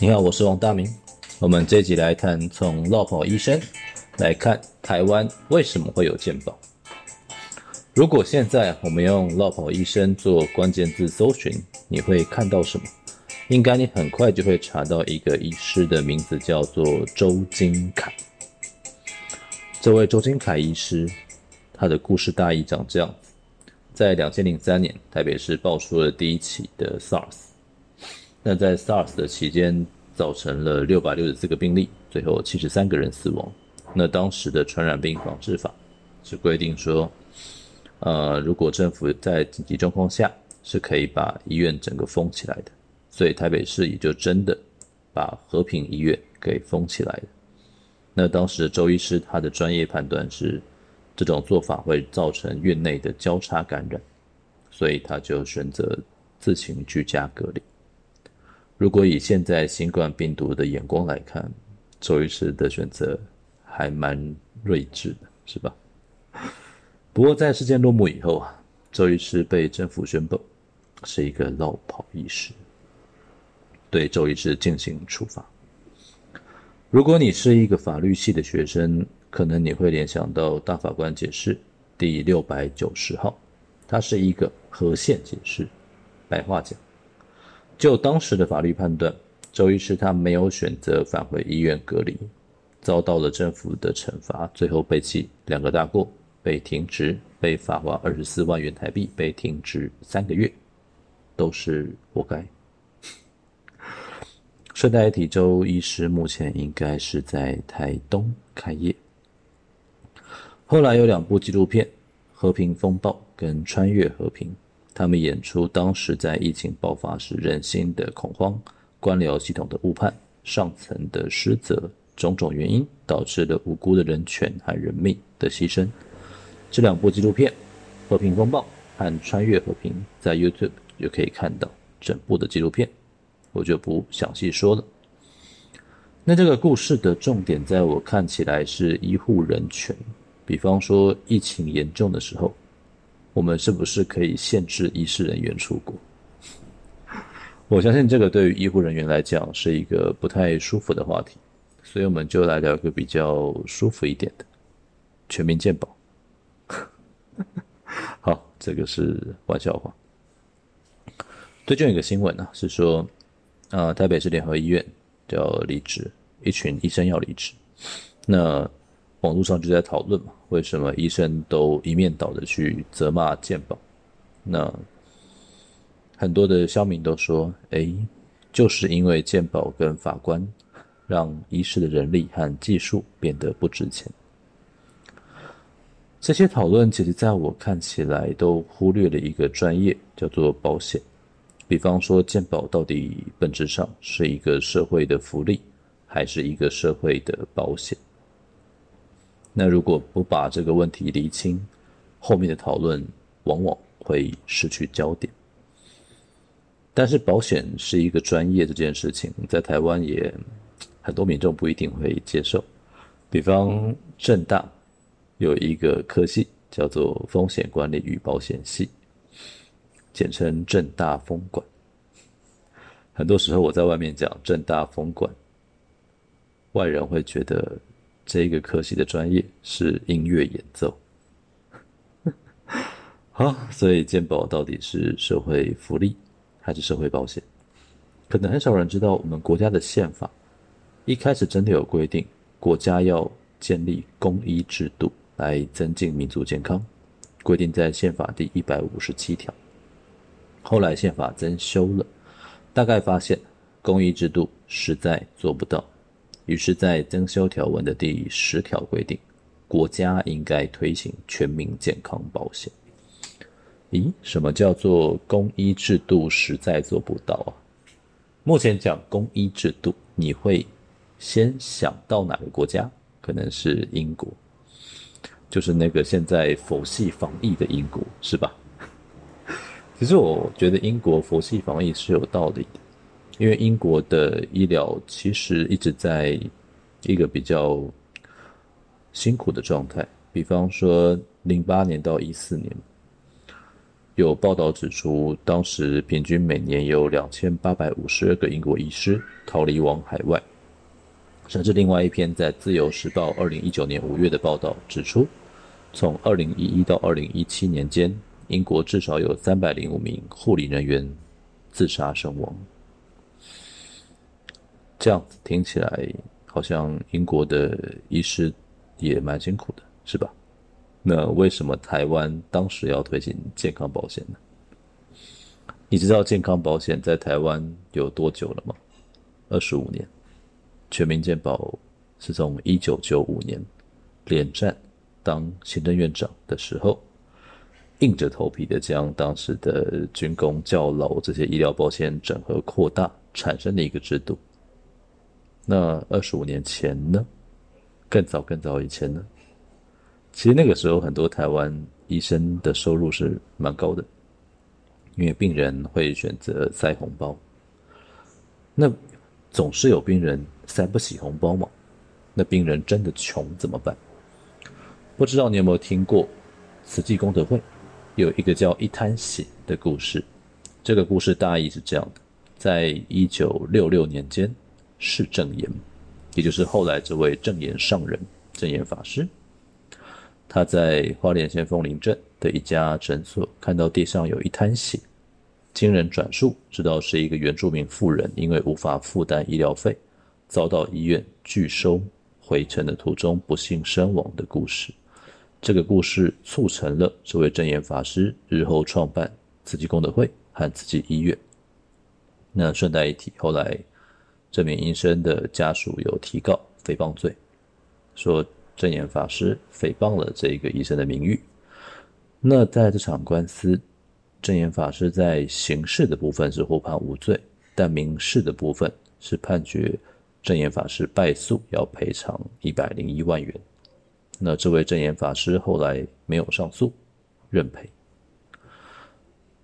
你好，我是王大明。我們這集來談從“落跑醫生”來看台灣為什麼會有健保。如果現在我們用“落跑醫生”做關鍵字搜尋，你會看到什麼？應該你很快就會查到一個醫師的名字叫做周金凱。這位周金凱醫師，他的故事大意長這樣子：在2003年，臺北市爆出了第一起的 SARS。那在 SARS 的期間，造成了六百六十四個病例，最後七十三個人死亡。那當時的傳染病防治法是規定說，呃，如果政府在緊急狀況下是可以把醫院整個封起來的，所以台北市也就真的把和平醫院給封起來了。那當時的周醫師他的專業判斷是，這種做法會造成院內的交叉感染，所以他就選擇自行居家隔離。如果以現在新冠病毒的眼光來看，周醫師的選擇還蠻睿智的，是吧？不過在事件落幕以後啊，周醫師被政府宣佈是一個“落跑醫師”，對周醫師進行處罰。如果你是一個法律系的學生，可能你會聯想到大法官解釋第六百九十號，它是一個合憲解釋，白話講。就當時的法律判斷，周醫師他沒有選擇返回醫院隔離，遭到了政府的懲罰，最後被記兩個大過，被停職，被罰款二十四萬元台幣，被停職三個月，都是活該。順帶一提，周醫師目前應該是在台東開業。後來有兩部紀錄片，《和平風暴》跟《穿越和平》。他們演出當時在疫情爆發時人心的恐慌、官僚系統的誤判、上層的失責，種種原因導致了無辜的人權和人命的犧牲。這兩部紀錄片《和平風暴》和《穿越和平》在 YouTube 就可以看到整部的紀錄片，我就不詳細說了。那這個故事的重點，在我看起來是醫護人權，比方說疫情嚴重的時候。我們是不是可以限制醫事人員出國？我相信這個對於醫護人員來講是一個不太舒服的話題，所以我們就來聊一個比較舒服一點的全民健保。 好，這個是玩笑話。最近有一個新聞啊，是說啊，呃、台北市聯合醫院就要離職，一群醫生要離職，那。網絡上就在討論嘛，為什麼醫生都一面倒的去責罵健保？那很多的鄉民都說：“哎、欸，就是因為健保跟法官讓醫師的人力和技術變得不值錢。”這些討論，其實在我看起來都忽略了一個專業，叫做保險。比方說，健保到底本質上是一個社會的福利，還是一個社會的保險？那如果不把這個問題釐清，後面的討論往往會失去焦點。但是保險是一個專業，這件事情在台灣也很多民眾不一定會接受。比方政大有一個科系叫做風險管理與保險系，簡稱政大風管。很多時候我在外面講政大風管，外人會覺得。這個科系的專業是音樂演奏。 好，所以健保到底是社會福利還是社會保險？可能很少人知道，我們國家的憲法一開始真的有規定，國家要建立公醫制度來增進民族健康，規定在憲法第一百五十七條。後來憲法增修了，大概發現公醫制度實在做不到。於是，在增修條文的第十條規定，國家應該推行全民健康保險。咦，什麼叫做公醫制度？實在做不到啊！目前講公醫制度，你會先想到哪個國家？可能是英國，就是那個現在佛系防疫的英國，是吧？其實我覺得英國佛系防疫是有道理的。因為英國的醫療其實一直在一個比較辛苦的狀態。比方說，零八年到一四年，有報道指出，當時平均每年有兩千八百五十二個英國醫師逃離往海外。甚至另外一篇在《自由時報》二零一九年五月的報道指出，從二零一一到二零一七年間，英國至少有三百零五名護理人員自殺身亡。這樣子聽起來好像英國的醫師也蠻辛苦的，是吧？那為什麼台灣當時要推行健康保險呢？你知道健康保險在台灣有多久了嗎？二十五年，全民健保是從一九九五年，連戰當行政院長的時候，硬着頭皮的將當時的軍公教勞這些醫療保險整合擴大產生的一個制度。那二十五年前呢？更早更早以前呢？其實那個時候，很多台灣醫生的收入是蠻高的，因為病人會選擇塞紅包。那總是有病人塞不起紅包嘛？那病人真的窮怎麼辦？不知道你有沒有聽過慈濟功德會有一個叫「一灘血」的故事。這個故事大意是這樣的：在一九六六年間。是證嚴，也就是後來這位證嚴上人、證嚴法師，他在花蓮縣鳳林鎮的一家診所看到地上有一灘血，經人轉述，知道是一個原住民婦人因為無法負擔醫療費，遭到醫院拒收，回程的途中不幸身亡的故事。這個故事促成了這位證嚴法師日後創辦慈濟功德會和慈濟醫院。那順帶一提，後來。這名醫生的家屬有提告誹謗罪，說證嚴法師誹謗了這個醫生的名譽。那在這場官司，證嚴法師在刑事的部分是獲判無罪，但民事的部分是判決證嚴法師敗訴，要賠償一百零一萬元。那這位證嚴法師後來沒有上訴，認賠。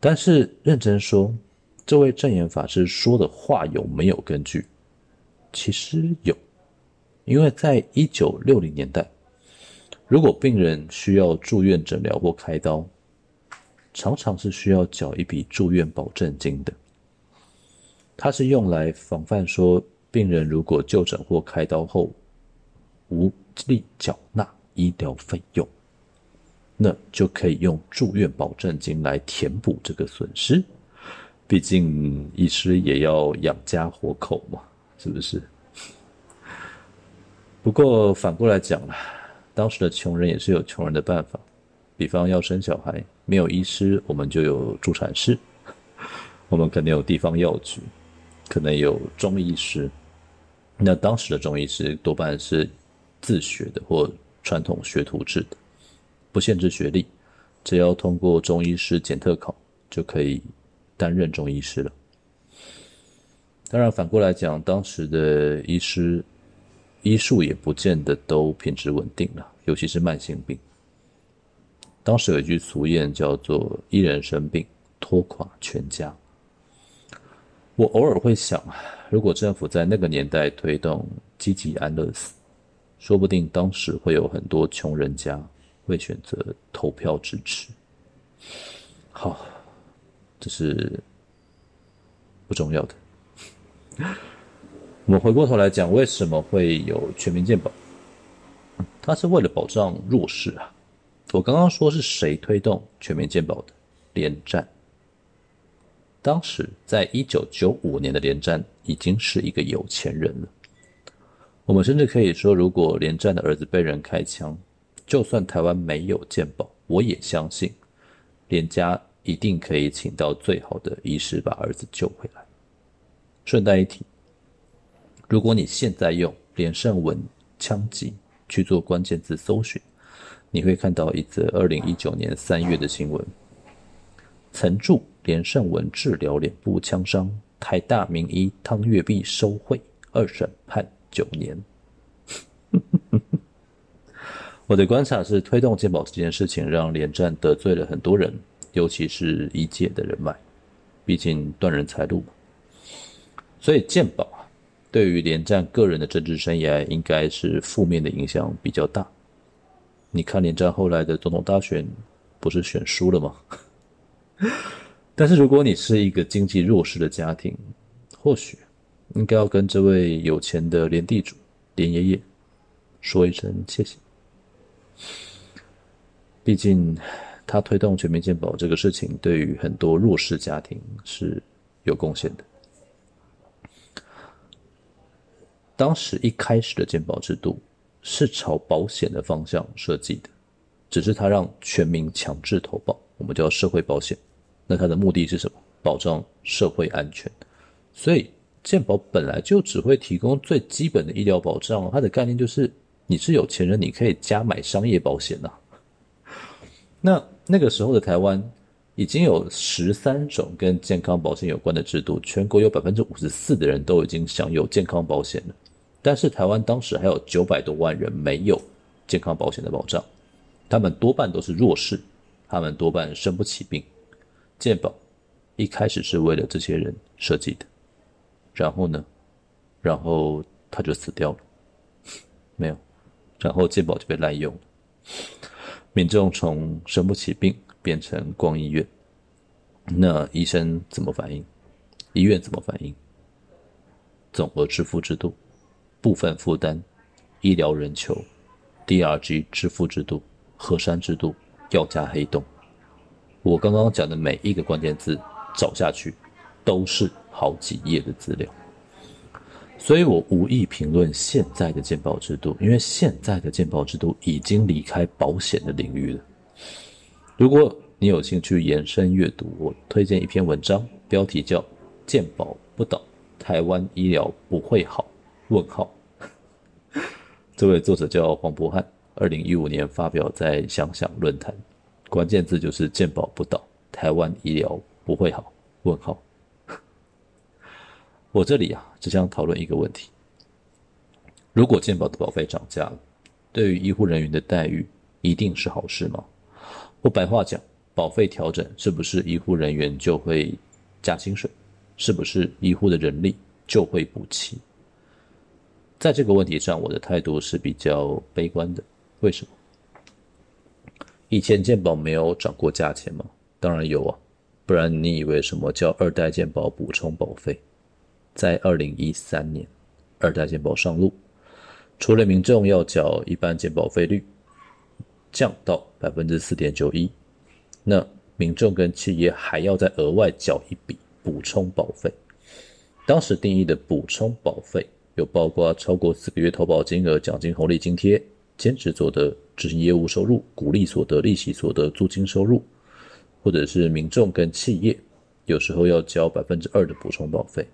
但是認真說，這位證嚴法師說的話有沒有根據？其實有，因為在一九六零年代，如果病人需要住院診療或開刀，常常是需要繳一筆住院保證金的。它是用來防範說，病人如果就診或開刀後無力繳納醫療費用，那就可以用住院保證金來填補這個損失。畢竟醫師也要養家活口嘛。是不是？不過反過來講了，當時的窮人也是有窮人的辦法，比方要生小孩，沒有醫師，我們就有助產師，我們可能有地方藥局，可能有中醫師。那當時的中醫師多半是自學的或傳統學徒制的，不限制學歷，只要通過中醫師檢特考，就可以擔任中醫師了。當然，反過來講，當時的醫師醫術也不見得都品質穩定了，尤其是慢性病。當時有一句俗諺叫做“一人生病，拖垮全家”。我偶爾會想，如果政府在那個年代推動積極安樂死，說不定當時會有很多窮人家會選擇投票支持。好，這是不重要的。我們回過頭來講，為什麼會有全民健保？他、嗯、是為了保障弱勢啊。我剛剛說是誰推動全民健保的？連戰。當時在一九九五年的連戰，已經是一個有錢人了。我們甚至可以說，如果連戰的兒子被人開槍，就算台灣沒有健保，我也相信連家一定可以請到最好的醫師把兒子救回來。順帶一提，如果你現在用連勝文槍擊去做關鍵字搜尋，你會看到一則二零一九年三月的新聞：曾助連勝文治療臉部槍傷，台大名醫湯月碧收賄，二審判九年。 我的觀察是，推動健保這件事情讓連戰得罪了很多人，尤其是一屆的人脈，畢竟斷人財路。所以健保啊，對於連戰個人的政治生涯，應該是負面的影響比較大。你看連戰後來的總統大選，不是選輸了嗎？但是如果你是一個經濟弱勢的家庭，或許應該要跟這位有錢的連地主連爺爺說一聲謝謝。畢竟他推動全民健保這個事情，對於很多弱勢家庭是有貢獻的。當時一開始的健保制度是朝保險的方向設計的，只是它讓全民強制投保，我們叫社會保險。那它的目的是什麼？保障社會安全。所以健保本來就只會提供最基本的醫療保障，它的概念就是你是有錢人，你可以加買商業保險吶、啊。那那個時候的台灣已經有十三種跟健康保險有關的制度，全國有百分之五十四的人都已經享有健康保險了。但是台灣當時還有九百多萬人沒有健康保險的保障，他們多半都是弱勢，他們多半生不起病。健保一開始是為了這些人設計的，然後呢，然後他就死掉了，沒有，然後健保就被濫用了，民眾從生不起病變成逛醫院，那醫生怎麼反應？醫院怎麼反應？總額支付制度。部分負擔、醫療人球、DRG 支付制度、核刪制度、藥價黑洞，我剛剛講的每一個關鍵字，走下去都是好幾頁的資料。所以我無意評論現在的健保制度，因為現在的健保制度已經離開保險的領域了。如果你有興趣延伸閱讀，我推薦一篇文章，標題叫《健保不倒，台灣醫療不會好》。問號，這位作者叫黃博漢，二零一五年發表在想想論壇，關鍵字就是健保不倒，台灣醫療不會好。問號，我這裡啊，只想討論一個問題：如果健保的保費漲價了，對於醫護人員的待遇一定是好事嗎？或白話講，保費調整是不是醫護人員就會加薪水？是不是醫護的人力就會補齊？在這個問題上，我的態度是比較悲觀的。為什麼？以前健保沒有漲過價錢嗎？當然有啊，不然你以為什麼叫二代健保補充保費？在二零一三年，二代健保上路，除了民眾要繳一般健保費率降到百分之四點九一，那民眾跟企業還要再額外繳一筆補充保費。當時定義的補充保費。有包括超過四個月投保金額、獎金紅利津貼、兼職所得、執行業務收入、股利所得、利息所得、租金收入，或者是民眾跟企業，有時候要交百分之二的補充保費。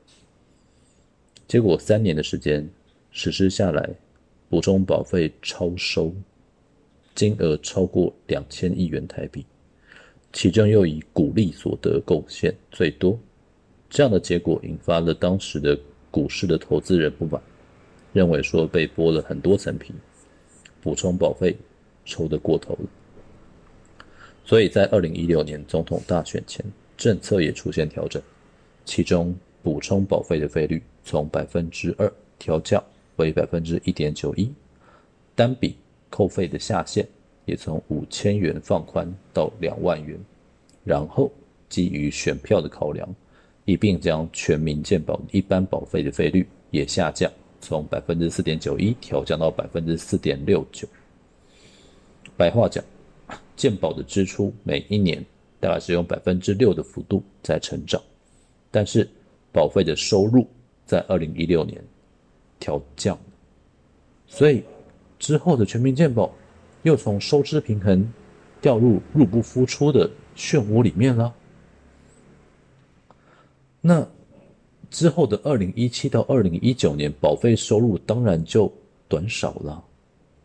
結果三年的時間實施下來，補充保費超收金額超過兩千億元台幣，其中又以股利所得貢獻最多。這樣的結果引發了當時的。股市的投資人不滿，認為說被剝了很多層皮，補充保費抽得過頭了。所以在二零一六年總統大選前，政策也出現調整，其中補充保費的費率從百分之二調降為百分之一點九一，單筆扣費的下限也從五千元放寬到兩萬元，然後基於選票的考量。一併將全民健保一般保費的費率也下降從，從百分之四點九一調降到百分之四點六九。白話講，健保的支出每一年大概是用百分之六的幅度在成長，但是保費的收入在二零一六年調降，所以之後的全民健保又從收支平衡掉入入不敷出的漩渦裡面了。那之後的二零一七到二零一九年，保費收入當然就短少了。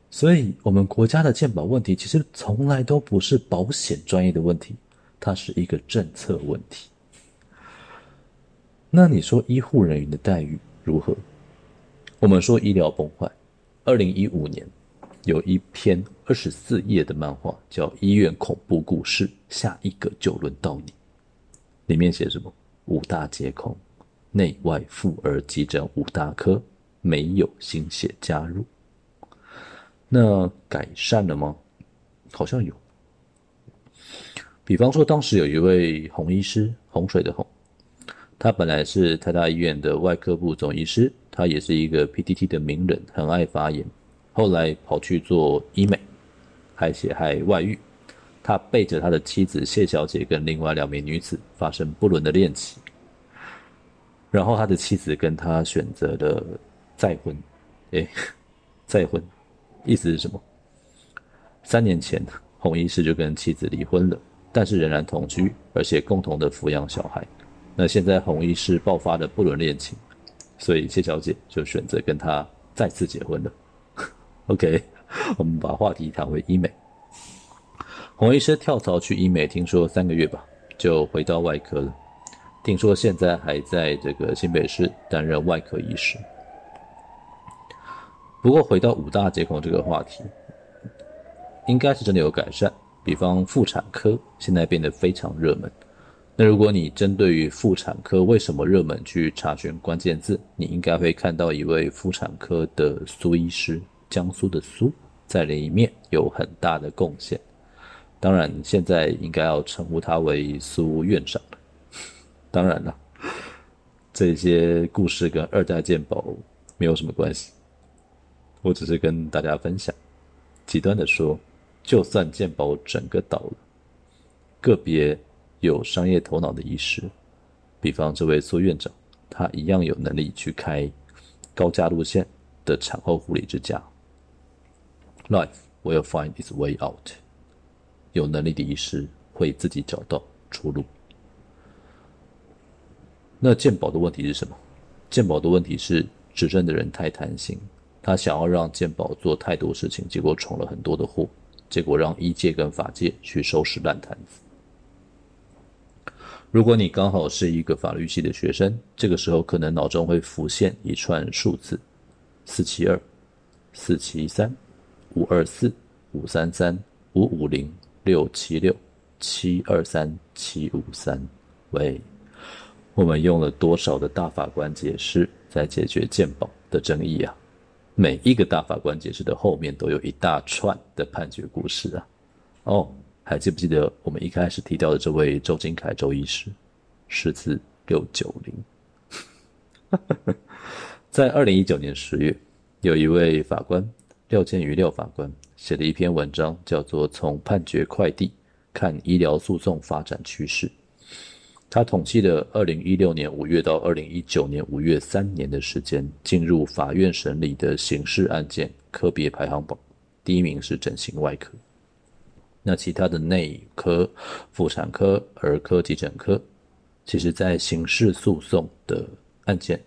所以，我們國家的健保問題其實從來都不是保險專業的問題，它是一個政策問題。那你說醫護人員的待遇如何？我們說醫療崩壞。二零一五年有一篇二十四頁的漫畫，叫《醫院恐怖故事》，下一個就輪到你。裡面寫什麼？五大皆空，內外婦兒急診五大科沒有新血加入，那改善了嗎？好像有。比方說，當時有一位洪醫師，洪水的洪，他本來是台大醫院的外科部總醫師，他也是一個 PTT 的名人，很愛發言。後來跑去做醫美，還寫還外遇。他背着他的妻子謝小姐，跟另外兩名女子發生不倫的戀情，然後他的妻子跟他選擇的再婚，誒，再婚，意思是什麼？三年前，洪醫師就跟妻子離婚了，但是仍然同居，而且共同的撫養小孩。那現在洪醫師爆發的不倫戀情，所以謝小姐就選擇跟他再次結婚了。OK，我們把話題談回醫美。洪醫師跳槽去醫美，聽說三個月吧，就回到外科了。聽說現在還在這個新北市擔任外科醫師。不過回到五大皆空這個話題，應該是真的有改善。比方婦產科現在變得非常熱門。那如果你針對於婦產科為什麼熱門去查詢關鍵字，你應該會看到一位婦產科的蘇醫師，江蘇的蘇，在裡面有很大的貢獻。當然，現在應該要稱呼他為蘇院長了。當然了，這些故事跟二代健保沒有什麼關係。我只是跟大家分享。極端的說，就算健保整個倒了，個別有商業頭腦的醫師，比方這位蘇院長，他一樣有能力去開高價路線的產後護理之家。Life will find its way out. 有能力的醫師會自己找到出路。那健保的問題是什麼？健保的問題是執政的人太貪心，他想要讓健保做太多事情，結果闖了很多的禍，結果讓醫界跟法界去收拾爛攤子。如果你剛好是一個法律系的學生，這個時候可能腦中會浮現一串數字：四七二、四七三、五二四、五三三、五五零。六七六七二三七五三，喂，我們用了多少的大法官解釋在解決健保的爭議啊？每一個大法官解釋的後面都有一大串的判決故事啊！哦，還記不記得我們一開始提到的這位周金凱周醫師，釋字六九零， 在二零一九年十月，有一位法官廖建瑜廖法官。寫了一篇文章，叫做《從判決快遞看醫療訴訟發展趨勢》。他統計了2016年五月到2019年五月三年的時間，進入法院審理的刑事案件科別排行榜，第一名是整形外科。那其他的內科、婦產科、兒科、急診科，其實，在刑事訴訟的案件，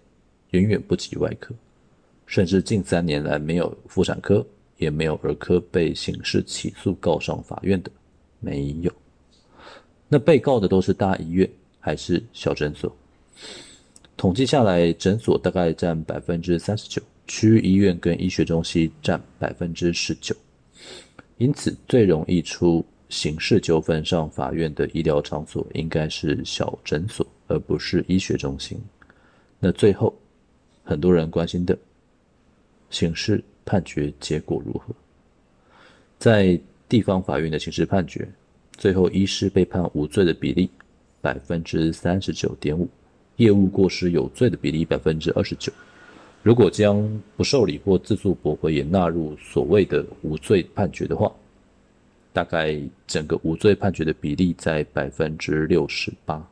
遠遠不及外科，甚至近三年來沒有婦產科。也沒有兒科被刑事起訴告上法院的，沒有。那被告的都是大醫院還是小診所？統計下來，診所大概占百分之三十九，區域醫院跟醫學中心占百分之十九。因此，最容易出刑事糾紛上法院的醫療場所應該是小診所，而不是醫學中心。那最後，很多人關心的刑事。判決結果如何？在地方法院的刑事判決，最後醫師被判無罪的比例百分之三十九點五，業務過失有罪的比例百分之二十九。如果將不受理或自訴駁回也納入所謂的無罪判決的話，大概整個無罪判決的比例在百分之六十八，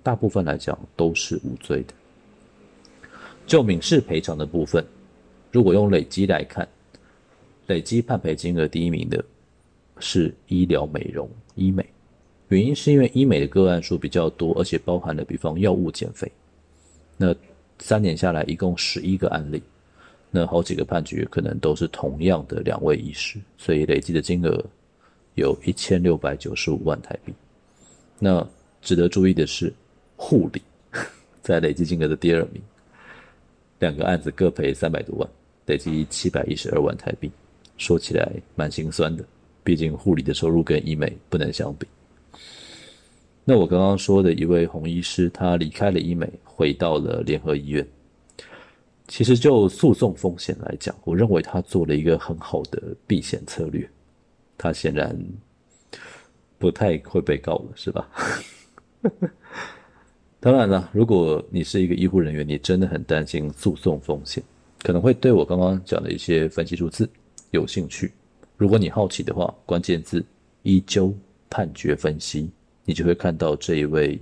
大部分來講都是無罪的。就民事賠償的部分，如果用累積來看，累積判賠金額第一名的是醫療美容醫美，原因是因為醫美的個案數比較多，而且包含了比方藥物減肥，那三年下來一共十一個案例，那好幾個判決可能都是同樣的兩位醫師，所以累積的金額有一千六百九十五萬台幣。那值得注意的是護理在累積金額的第二名，兩個案子各賠三百多萬。累計七百一十二萬台幣，說起來蠻心酸的。畢竟護理的收入跟醫美不能相比。那我剛剛說的一位紅醫師，他離開了醫美，回到了聯合醫院。其實就訴訟風險來講，我認為他做了一個很好的避險策略。他顯然不太會被告了，是吧？ 當然了，如果你是一個醫護人員，你真的很擔心訴訟風險。可能會對我剛剛講的一些分析數字有興趣。如果你好奇的話，關鍵字“醫糾判決分析”，你就會看到這一位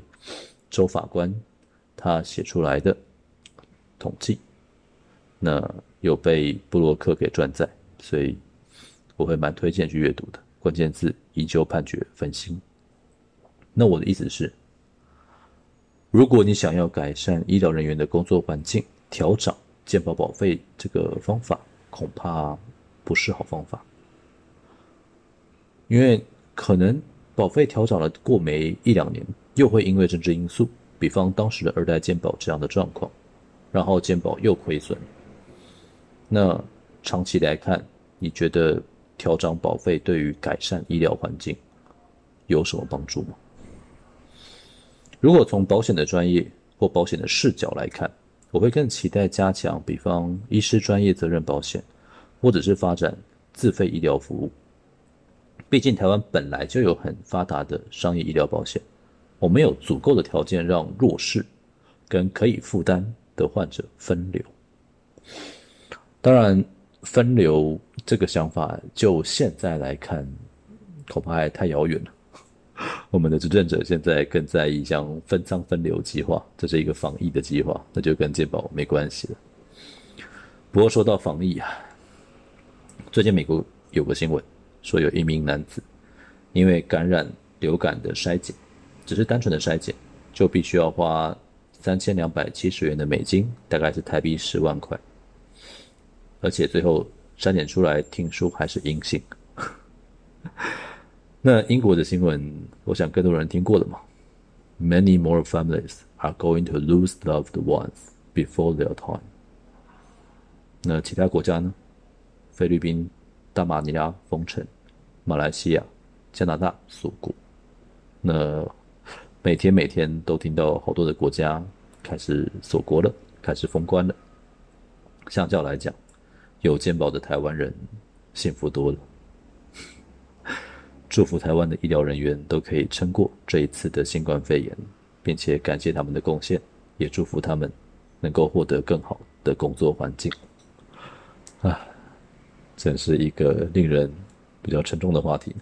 周法官他寫出來的統計。那有被部落客給轉載，所以我會蠻推薦去閱讀的。關鍵字“醫糾判決分析”。那我的意思是，如果你想要改善醫療人員的工作環境，調整。健保保費這個方法恐怕不是好方法，因為可能保費調整了過沒一兩年，又會因為政治因素，比方當時的二代健保這樣的狀況，然後健保又虧損。那長期來看，你覺得調整保費對於改善醫療環境有什麼幫助嗎？如果從保險的專業或保險的視角來看。我會更期待加強，比方醫師專業責任保險，或者是發展自費醫療服務。畢竟台灣本來就有很發達的商業醫療保險，我們有足夠的條件讓弱勢跟可以負擔的患者分流。當然，分流這個想法就現在來看，恐怕還太遙遠了。我們的執政者現在更在意一項分艙分流計劃，這是一個防疫的計劃，那就跟健保沒關係了。不過說到防疫啊，最近美國有個新聞說，有一名男子因為感染流感的篩檢，只是單純的篩檢，就必須要花三千兩百七十元的美金，大概是台幣十萬塊，而且最後篩檢出來聽說還是陰性。 那英國的新聞，我想更多人聽過了嘛。Many more families are going to lose loved ones before their time。那其他國家呢？菲律賓、大馬尼拉封城，馬來西亞、加拿大鎖國。那每天每天都聽到好多的國家開始鎖國了，開始封關了。相較來講，有健保的台灣人幸福多了。祝福台灣的醫療人員都可以撐過這一次的新冠肺炎，並且感謝他們的貢獻，也祝福他們能夠獲得更好的工作環境。啊，真是一個令人比較沉重的話題呢。